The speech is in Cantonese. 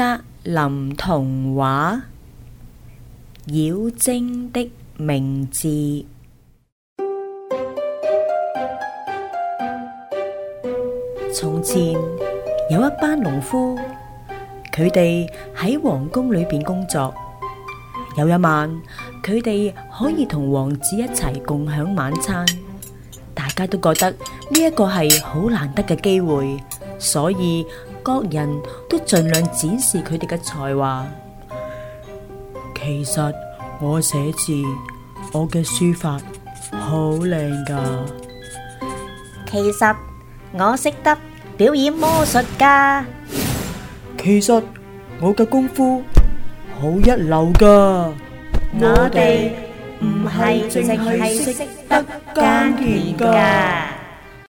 《格林童話》妖精的名字。從前有一班農夫，佢哋喺皇宮裏邊工作。有一晚，佢哋可以同王子一齊共享晚餐，大家都覺得呢一個係好難得嘅機會，所以，各人都盡量展示佢哋嘅才華。其實我寫字，我嘅書法好靚噶。其實我識得表演魔術噶。其實我嘅功夫好一流噶。我哋唔係淨係識得幹嘢噶。